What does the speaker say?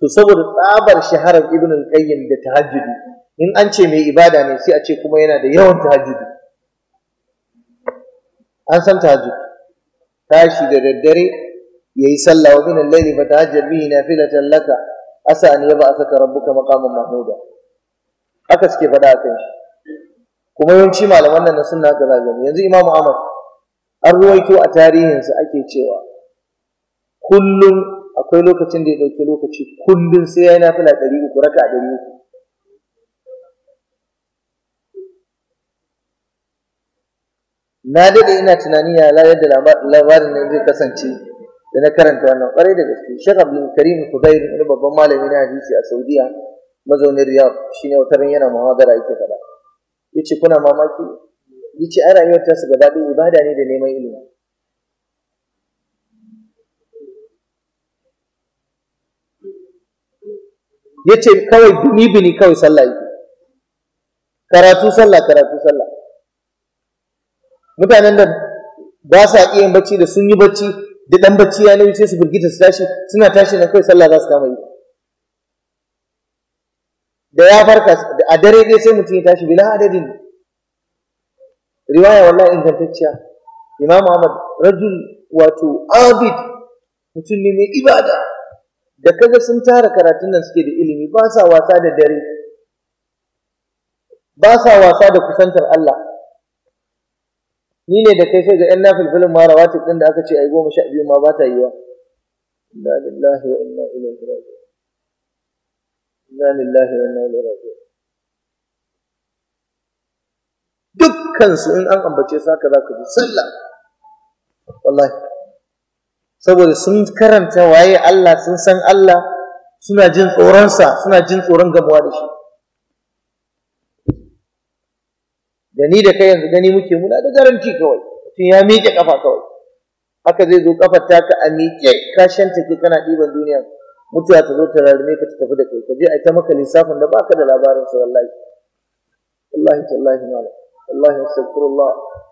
to saboda tsabar shaharar ibn al-qayyim da tahajjudi in an ce mai ibada ne sai a ce kuma yana da yawan tahajjudi an san tahajjud tashi da daddare yayi sallah wa min al-layli fa tahajjad bihi nafilatan laka asa an yaba rabbuka maqaman mahmuda haka suke faɗa akan shi kuma yawanci malaman nan na sunna yanzu imam Ahmad an ruwaito a tarihinsa ake cewa kullum akwai lokacin da ya ɗauki lokaci kullum sai ya yi na fila ɗari uku raka a ɗari uku na daɗe ina tunani ya yadda labarin nan zai kasance da na karanta wannan ƙwarai da gaske shek abdul karim kubairu wani babban malami na hadisi a saudiya mazaunin riyadh shine wata ran yana muhawara yake faɗa yace kuna mamaki yace ai rayuwar ta su gaba ɗaya ibada ne da neman ilimi ya ce kawai bini bini kawai sallah yi karatu sallah karatu sallah mutanen da ba sa iya yin bacci da sun yi bacci da dan bacci ya nemi sai su firgita su tashi suna tashi na kawai sallah za su kama yi da ya farka a dare dai sai mutum ya tashi bila adadin riwaya wallahi ingantacciya imam ahmad rajul wato abid mutum ne mai ibada da kaga sun tara karatun nan suke da ilimi ba sa wasa da dare ba sa wasa da kusantar Allah ni ne da kai sai ga yan nafilfilin ma rawatin din da aka ce ai goma sha biyu ma ba ta yi inna lillahi wa inna ilaihi raji'un inna lillahi wa inna ilaihi raji'un dukkan su in an ambace saka zaka za ka ji sallah wallahi saboda sun karanta waye Allah sun san Allah suna jin tsoronsa suna jin tsoron gamuwa da shi da ni da kai yanzu gani muke muna da garanti kawai mutum ya miƙe kafa kawai haka zai zo kafar taka a miƙe ka shanta ke kana ɗiban duniya mutuwa ta zo ta rarrame ka ta tafi da kai ka je a ta maka lissafin da baka da labarin sa wallahi wallahi tallahi malam wallahi astaghfirullah